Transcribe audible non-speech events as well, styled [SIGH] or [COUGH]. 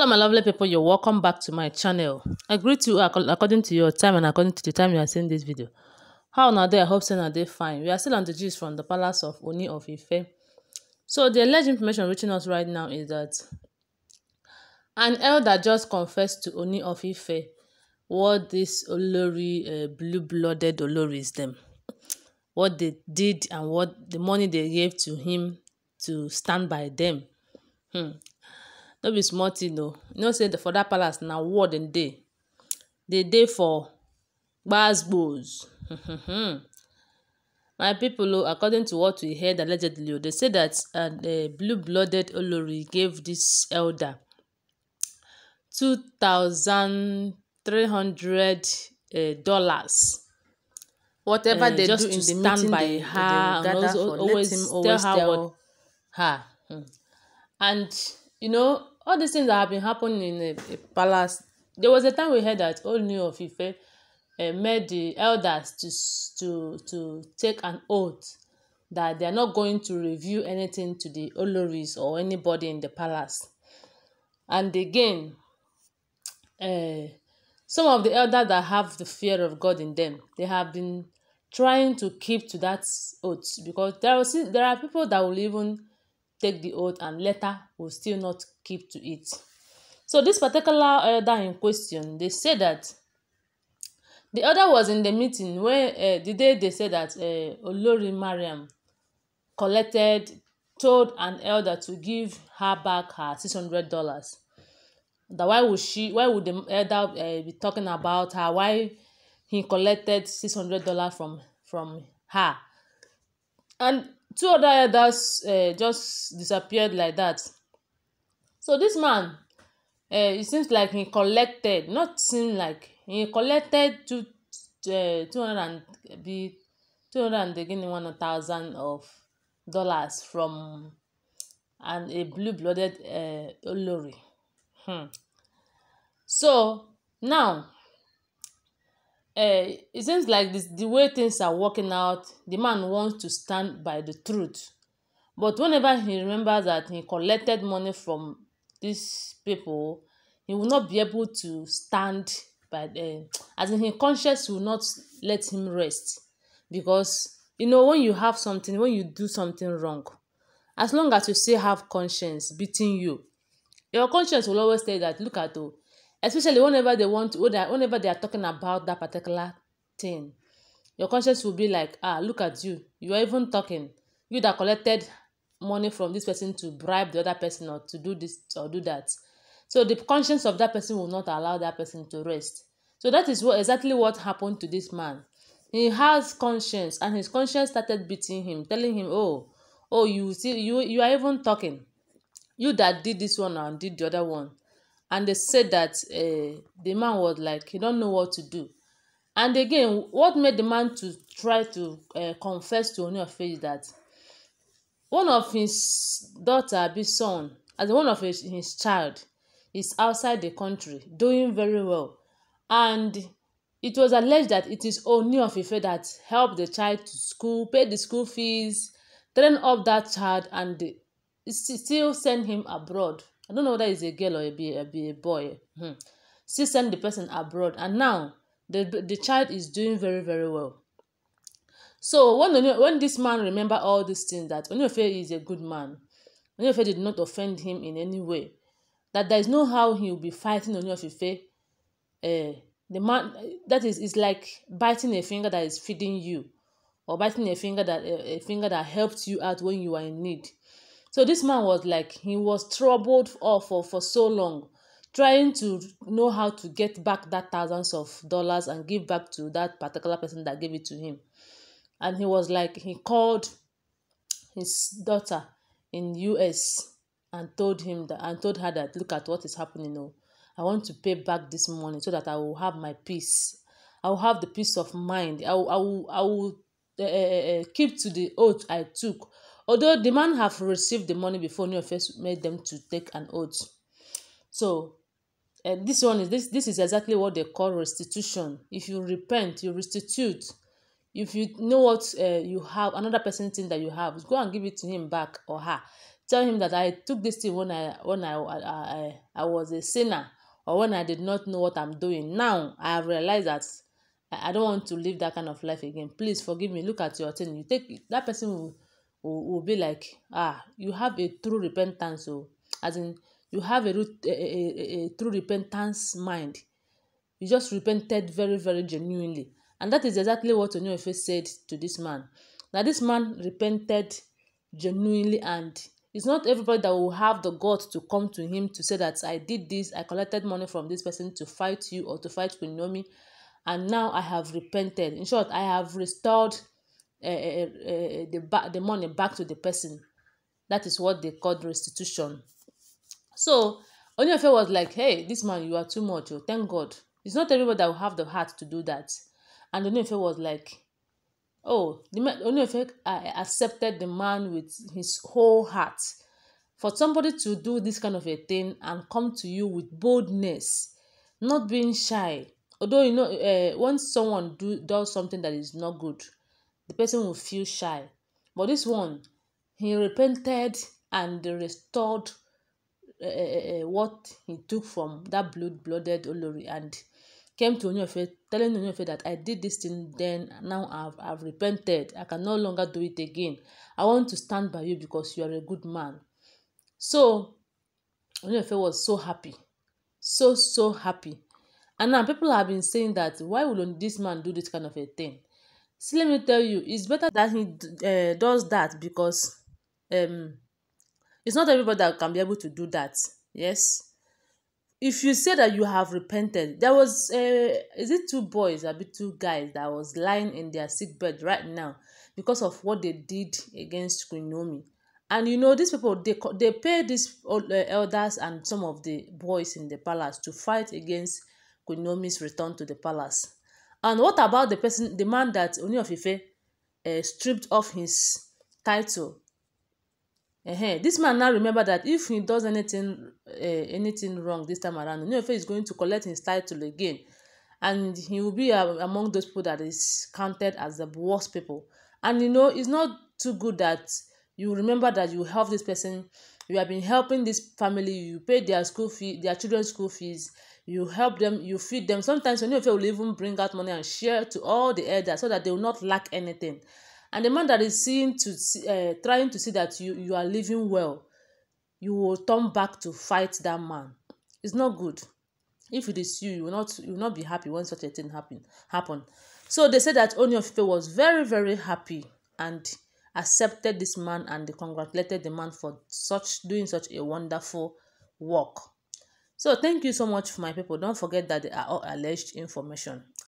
hello my lovely people you're welcome back to my channel i greet you according to your time and according to the time you are seeing this video how now day i hope so now they fine we are still on the gist from the palace of oni of ife so the alleged information reaching us right now is that an elder just confessed to oni of ife what this olori uh, blue-blooded oloris them what they did and what the money they gave to him to stand by them hmm no be small thing o you know say for that palace na war dem dey dey dey for gbasgbos [LAUGHS] my people oh, according to what we heard allegedly oh, they say that an uh, blue-blooded olori gave this elder two thousand three hundred eh, dollars whatever uh, they do in the meeting by they, her they gather for let him always tell her, tell what, her. Hmm. and you know all these things that have been happening in a, a palace there was a time we heard that all new of ife uh, made the elders to to to take an oath that they are not going to review anything to the oloris or anybody in the palace and again uh, some of the elders that have the fear of god in them they have been trying to keep to that oath because there are there are people that will even take the oath and later will still not keep to it. So this particular elder in question, they say that the elder was in the meeting when uh, eh, the day they said that uh, Olori Mariam collected told an elder to give her back her six hundred dollars. That why would she? Why would the elder uh, be talking about her? Why he collected six hundred dollars from from her? And two other elders uh, just disappeared like that so this man uh, it seems like he collected not seem like he collected two uh, two hundred and be two hundred and again one thousand of dollars from and a blue blooded uh, olori hmm. so now uh, it seems like this, the way things are working out, the man wants to stand by the truth. But whenever he remembers that he collected money from these people, he will not be able to stand by them, eh, as in his conscience will not let him rest. Because, you know, when you have something, when you do something wrong, as long as you still have conscience beating you, your conscience will always say that, look at, oh, especially whenever they want to, whenever they are talking about that particular thing your conscience will be like ah look at you you are even talking you that collected money from this person to bribe the other person or to do this or do that so the conscience of that person will not allow that person to rest so that is what exactly what happened to this man he has conscience and his conscience started beating him telling him oh oh you see you you are even talking you that did this one and did the other one and they said that uh, the man was like he don't know what to do and again what made the man to try to uh, confess to Ooni is that one of his daughter abi son as one of his, his child is outside the country doing very well and it was alleged that it is Ooni of Ife that helped the child to school pay the school fees train up that child and still send him abroad I don't know whether it's a girl or a, a, a boy. Hmm. She sent the person abroad, and now the the child is doing very very well. So when when this man remember all these things that Onyefe is a good man, Onyefe did not offend him in any way. That there is no how he will be fighting Onyefe. Uh, the man that is is like biting a finger that is feeding you, or biting a finger that a, a finger that helped you out when you are in need. So this man was like, he was troubled for, for, for so long, trying to know how to get back that thousands of dollars and give back to that particular person that gave it to him. And he was like, he called his daughter in US and told him that and told her that look at what is happening now. Oh. I want to pay back this money so that I will have my peace. I will have the peace of mind. I will, I will, I will uh, keep to the oath I took although the man have received the money before New Office made them to take an oath. So uh, this one is this this is exactly what they call restitution. If you repent, you restitute. If you know what uh, you have, another person thing that you have, go and give it to him back or her. Tell him that I took this thing when I when I I, I, I was a sinner or when I did not know what I'm doing. Now I have realized that I, I don't want to live that kind of life again. Please forgive me. Look at your thing. You take that person will will, will be like ah you have a true repentance o oh. as in you have a, a, a, a true repentance mind you just repented very very genuinely and that is exactly what Onyefe said to this man na this man repented genuinely and it's not everybody that will have the guts to come to him to say that I did this I collected money from this person to fight you or to fight Queen and now I have repented in short I have restored Eh, eh, eh, the ba- the money back to the person that is what they called restitution so Oniofe was like hey this man you are too much oh thank God it's not everybody that will have the heart to do that and Oniofe was like oh the man Oniofe I accepted the man with his whole heart for somebody to do this kind of a thing and come to you with boldness not being shy although you know uh, once someone do does something that is not good the person will feel shy. But this one, he repented and restored uh, what he took from that blood-blooded Olori and came to Onyefe telling Onyefe that I did this thing then now I've, I've repented. I can no longer do it again. I want to stand by you because you are a good man. So Onyefe was so happy. So so happy. And now people have been saying that why would this man do this kind of a thing? see let me tell you it's better that he uh, does that because um it's not everybody that can be able to do that yes if you say that you have repented there was uh, is it two boys or two guys that was lying in their sick bed right now because of what they did against Kunomi. And you know, these people, they, they pay these eh, elders and some of the boys in the palace to fight against Kunomi's return to the palace. And what about the person, the man that Oni of Ife uh, eh, stripped off his title? Uh-huh. This man now remember that if he does anything uh, anything wrong this time around, Oni of is going to collect his title again, and he will be uh, among those people that is counted as the worst people. And you know, it's not too good that you remember that you help this person, you have been helping this family, you pay their school fee, their children's school fees, you help them you feed them sometimes oniofe will even bring out money and share to all the elders so that they will not lack anything and the man that is seeing to see, uh, trying to see that you you are living well you will turn back to fight that man it's not good if it is you you will not you will not be happy when such a thing happen happen so they said that oniofe was very very happy and accepted this man and congratulated the man for such doing such a wonderful work So thank you so much, for my people. Don't forget that they are all alleged information.